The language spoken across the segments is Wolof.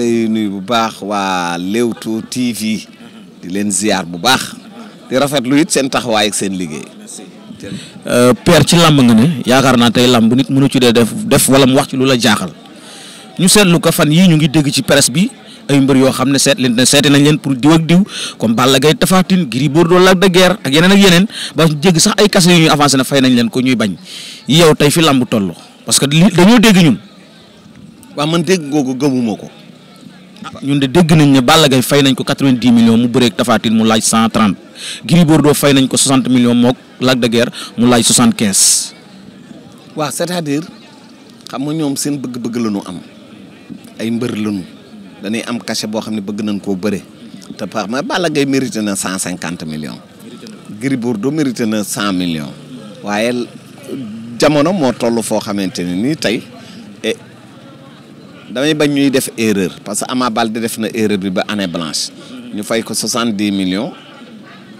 lay nuyu bu baax waa Leewtoo TV di leen ziar bu baax di rafetlu it seen taxawaay ak seen liggéey. Euh, Père ci làmb nga ne yaakaar naa tey làmb nit mënu ci dee def def wala mu wax ci lu la jaaxal ñu seetlu ko fan yi ñu ngi dégg ci presse bi. ay mbër yoo xam ne seet leen ne seeti nañ leen pour diw ak diw comme Balla Gaye Tapha Tine Gris Bordeaux Lac de Guiers ak yeneen ak yeneen ba jégg sax ay kase yu ñuy avancé na fay nañ leen ko ñuy bañ yow tey fi lamb toll parce que dañoo dégg ñun. waaw man dégg ngoo ko ñun de dégg nañ ne Balla Gaye fay nañ ko quatre-vingt-dix mu bëreeg Tapha mu laaj cent trente Gris Bordeaux fay nañ ko soixante millions mook Lac de mu laaj soixante-quinze. waa c'est-à-dire xam nga ñoom seen bëgg-bëgg la am ay mbër la danay am cachet boo xam ne bëgg nañ koo bëre te par ma Balla gay mérité na cent cinquante millions. Gris Bordeaux mérité na cent millions. waaye jamono moo toll foo xamante ne nii tey. damay bañ ñuy def erreur parce que Ama Baldé def na erreur bi ba année blanche ñu fay ko soixante dix millions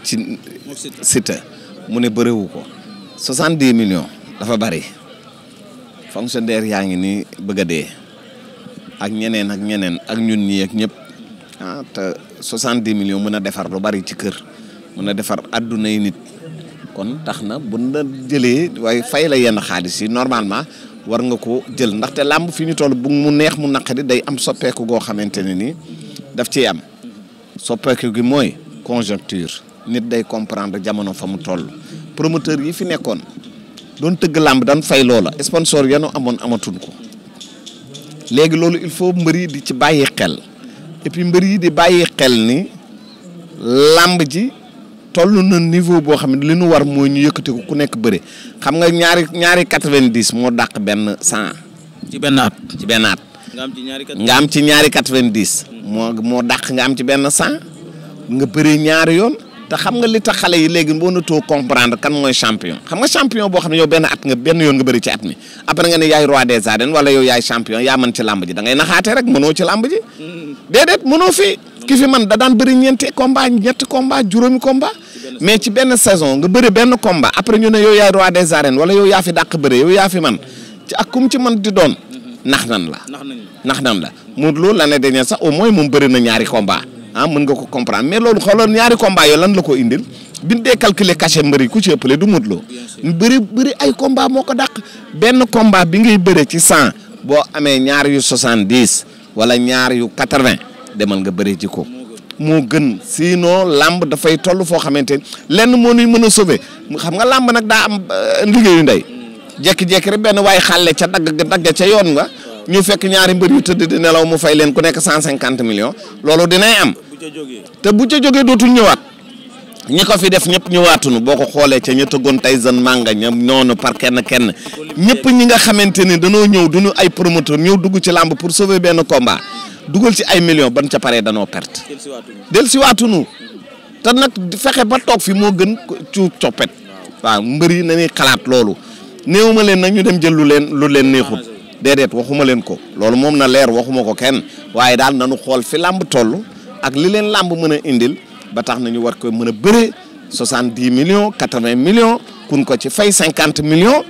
ci Siteu mu ne bëriwu ko soixante dix millions dafa bari fonctionnaire yaa ngi nii bëgg a dee ak ñeneen ak ñeneen ak ñun ñii ak ñëpp ah te soixante dix millions mën a defar lu bari ci kër mën a defar adduna yi nit kon tax na bu na jëlee waaye fay la yenn xaalis yi normalement war nga ko jël ndaxte làmb fi ñu toll bu mu neex mu naqari day am soppeeku goo xamante ne ni daf ciy am soppeeku gi mooy conjoncture nit day comprendre jamono fa mu toll promoteur yi fi nekkoon doon tëgg làmb dan fay loola sponsor yanu amoon amatuñ ko léegi loolu il faut mbër yi di ci bàyyi xel et puis mbër yi di bàyyi xel ni làmb ji toll na niveau boo xam ne li nu war mooy ñu yëkkati ko ku nekk bëre xam nga ñaari ñaari quatre-vingt-dix moo dàq benn cent. ci benn at nga am ci ñaari nga am ci moo moo nga am ci benn cent nga bëree ñaari yoon. te xam nga li tax xale yi léegi boo natoo comprendre kan mooy champion xam nga champion boo xam ne yow benn at nga benn yoon nga bëri ci at mi après nga ne yaay roi des arènes wala yow yaay champion yaa mën ci làmb ji da rek mënoo ci làmb ji mm. déedéet mënoo fii. ki fi man da daan bëri ñeenti combat ñetti combat juróomi combat mais ci benn saison nga bëri benn combat après ñu ne yow yaay roi des arènes wala fi dàq bëri yow yaa fi man ci ak kum ci man doon nax nan la nax nan la mu loolu l'année dernière sax au moins moom bëri na ñaari combat ah, nga ko comprendre mais loolu xooloon ñaari combat yooyu la ko indil biñ dee calculer cachet mbëri ku ci ëppale du Modou Lo bëri bëri ay combat moo ko dàq benn combat bi ngay bëre ci cent boo amee ñaar yu soixante wala ñaari yu quatre-vingt demal nga bëree ji ko moo gën si sinon làmb dafay toll foo xamante ni lenn moo nuy mën a sauver xam nga làmb nag daa am euh, liggéeyu ndey jekki-jekki rek benn waaye xàlle ca dagg dagg ca yoon nga ñu fekk ñaari mbër yu tëdd di nelaw mu fay leen ku nekk cent cinquante million loolu dinay am te bu ca jógee dootul ñëwaat ñi ko fi def ñëpp ñëwaatunu boo ko xoolee ca ña tëggoon Tyson Manga ña noonu par kenn kenn ñëpp ñi nga xamante ni danoo ñëw duñu ay promoteur ñëw dugg ci làmb pour sauver benn combat dugal si ay millions ban ca paree danoo perte. del si waatunu te nag fexe ba toog fi moo gën ci coppet. waaw mbër yi nañuy xalaat loolu néew ma leen nag ñu dem jël lu leen lu leen neexut déedéet waxuma leen ko loolu moom na leer waxuma ko kenn waaye daal nañu xool fi làmb toll ak li leen làmb mën a indil ba tax na ñu war ko mën a bëree soixante-dix millions quatre-vingts millions kun ko ci fay cinquante millions.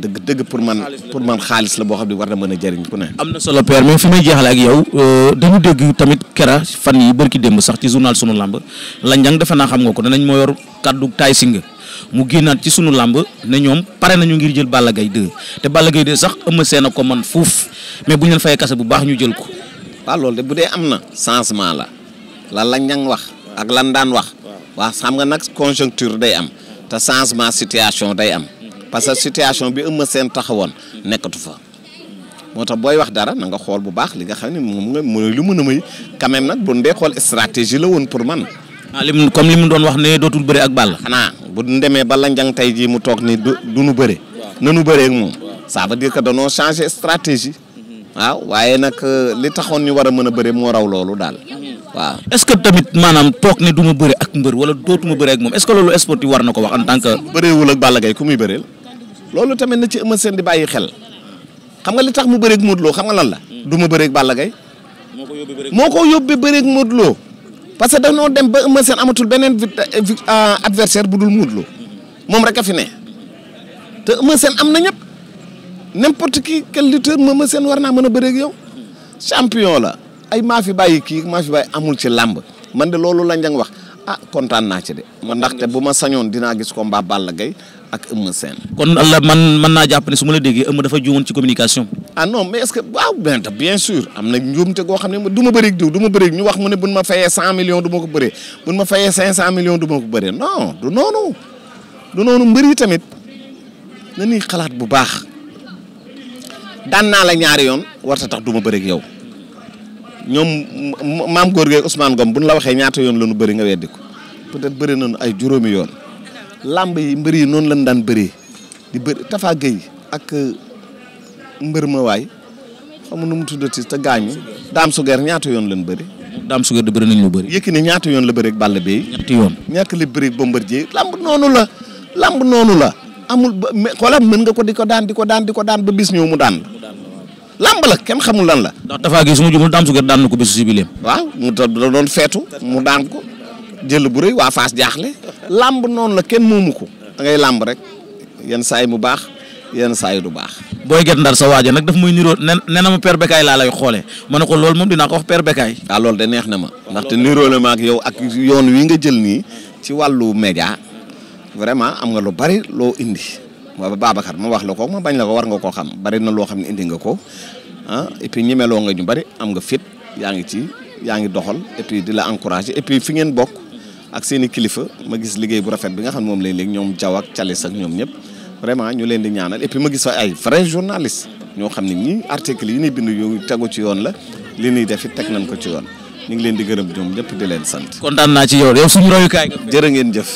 dëgg dëgg pour man pour man xaalis la boo xam ne war na mën a jëriñ ku ne. am na solo père mais fi may jeexale ak yow euh, dañu dégg tamit kera fan yi bërki démb sax ci journal sunu làmb Landiang defe naa xam nga ko danañ moo yor kaddu taay singa mu génnaat ci sunu làmb ne ñoom pare nañu ngir jël Balla gay 2 te Balla Gaye 2 sax Eumeu Sène a ko man fuuf mais bu ñu leen fayee kase bu baax ñu jël ko. waaw loolu de bu dee am na changement la la Landiang wax ak lan daan wax. waa xam nga nag conjoncture day am te changement situation day am. parce que situation bi Eumeu seen taxawoon nekkatu fa moo tax booy wax dara na nga xool bu baax li nga xam ne moom nga mooy lu mën a may quand nag bu dee xool stratégie la woon pour man. ah lim comme li mu doon wax ne dootul bëre ak Balla. xanaa bu demee ba la njang tey ji mu toog ni du du nu bëre. na nu bëree ak moom. ça veut dire que danoo changer stratégie. Mhm. waaw waaye nag euh, li taxoon ñu war a mën a bëre moo raw loolu daal. Mhm. waaw est-ce que tamit maanaam toog ne du ma bëre ak mbër wala dootuma bëre ak war na ko wax en tant que. bëreewul ak muy bëreel. loolu tamit na ci Eumeu Sène di bàyyi xel xam nga li tax mu bëreeg Modou Lo xam nga lan la. du ma bëreeg Balla gay moo ko yóbbee bëreeg moo ko yóbbee bëreeg Modou parce que dañoo dem ba Eumeu amatul beneen euh, adversaire bu dul Modou moom rek a fi ne te Eumeu am na ñëpp n'importe qui quel lutteur Eumeu Sène war naa mën a bëreeg yow champion la ay maa fi bàyyi kii maa fi bàyyi amul ci làmb man de loolu la njang wax ah kontaan naa ci de. man ndaxte bu ma sañoon dinaa gis ko mbaa Balla Gaye ak Eumeu Sène. kon la man mën naa jàpp ne su ma la déggee Eumeu dafa juumoon ci communication. ah non mais est-ce que waaw bien bien am na njuumte goo xam ne du ma bëri diw du ma bëri ñu wax mu ne buñ ma fayee cent millions du ma ko bëree buñ ma fayee cinq cent millions du ma ko bëree non du noonu du noonu mbër yi tamit na ñuy xalaat bu baax daan naa la ñaari yoon warta tax du ma bëri yow ñoom maam góor gi Ousmane bu buñ la waxee ñaata yoon la nu bëri nga weddi ko peut-être bëri nañu ay juróomi yoon. làmb yi mbër yi noonu lañ daan bëree di bëri Tafa Gueye ak euh, mbër ma waay xam nu mu tuddati te gaañu daam sugeer ñaata yoon lañ bëri. daam sugeer di bëri nañ lu bëri. Yékini ñaata yoon la bëri ak Balla Beye. ñetti li bëri ak Bombardier làmb noonu la làmb noonu la. amul ba xoolal mën nga ko di ko daan di ko daan di ko daan ba bis ñëw mu daan la lamb la kenn xamul lan la. ndax Tafa Gueye su ma jublu daam sugeer daan na ko bésu si biir waaw mu doon feetu mu daan ko jël bu rëy waa Fass jaaxle làmb noonu la kenn moomu ko da ngay làmb rek yenn saa yi mu baax yenn saa yi du baax. booy get ndar sa waajo nag daf muy niroo nen nee na ma père laa lay xoolee ma ne ko loolu moom dina ko wax père Bécaye. ah loolu neex na ma. ndaxte niroo la ak yow ak yoon wi nga jël nii ci wàllu média vraiment am nga lu bari loo indi. waaw Babacar ma wax la ko ma bañ la ko war nga koo xam bari na loo xam ne indi nga ko ah et puis nga ñu bari am nga fit yaa ngi ci yaa ngi doxal et di la encourager et fi ngeen bokk. ak seen i kilifa ma gis liggéey bu rafet bi nga xam ne moom lay léegi ñoom Diaw ak Thialis ak ñoom ñëpp vraiment ñu leen di ñaanal et ma gis fa ay vrai journaliste ñoo xam ne ñii article yi ñuy bind yu tegu ci yoon la li ñuy def it teg nañ ko ci yoon ñu ngi leen di gërëm ñoom ñëpp di leen sant. kontaan naa ci yow yow suñu royukaay nga. jërë ngeen jëf.